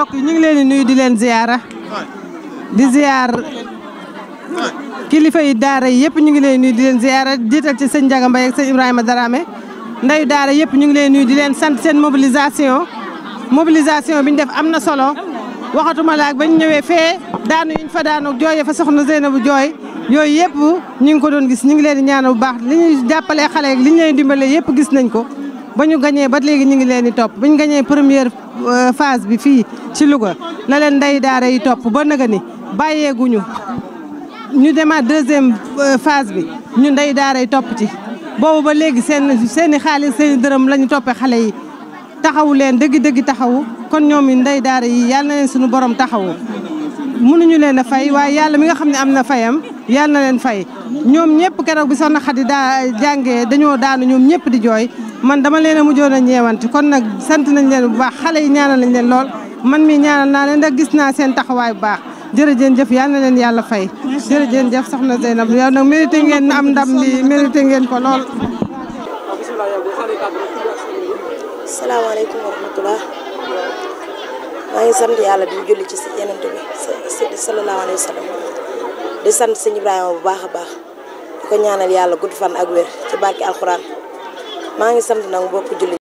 mbokk yi ñu ngi leen di nuyu di leen ziyaara di ziyaar kilifa yi daara yi yëpp ñu ngi leen nuyu di leen ziyaara jiital ci sëñ Ndiaga Mbaye ak sëñ Ibrahima Darame ndeyu daara yëpp ñu ngi leen nuyu di leen sant seen mobilisation mobilisation bi ñu def am na solo waxatuma laak bañ ñëwee fee daanu yiñ fa daanu jooyee fa soxna bu jooy yooyu yëpp ñu ngi ko doon gis ñu ngi leen di ñaanal bu baax li ñuy jàppalee xale yi li ñu leen dimbalee yëpp gis nañ ko ba ñu gañee ba léegi ñu ngi leen di topp bu ñu gañee première euh, phase bi fii ci Louga la leen ndey daara yi topp ba naga ni bàyyeeguñu ñu demaat deuxième euh, phase bi ñu ndey daara yi topp ci boobu ba léegi seen seen i xaalis seen dërëm lañu ñu xale yi taxawu leen dëgg-dëgg taxawu kon ñoom i ndey daara yi yàlla na leen suñu borom taxawu mënuñu leen a fay waaye yàlla mi nga xam ne am na fayam yàlla na leen fay ñoom ñëpp keroog bi soxna Xadi daa jàngee dañoo daanu ñoom ñëpp di jooy man dama leen a mujjoon a ñeewante kon nag sant nañ leen bu baax xale yi ñaanal nañ leen lool man mi ñaanal naa leen ndax gis naa seen taxawaay bu baax jërëjeen jëf yal na leen yàlla fay jërëjeen jëf soxna Zeynab yow nag mérité ngeen am ndam li mérité ngeen ko lool salaamaaleykum wa rahmatulah maa ngi sant yàlla di julli ci yenent bi sallallahu alayhi wa sallam bu baax a baax di ko ñaanal yàlla gudd fan ak wér ci barki alxuraan maa ngi sant nag mbokk julli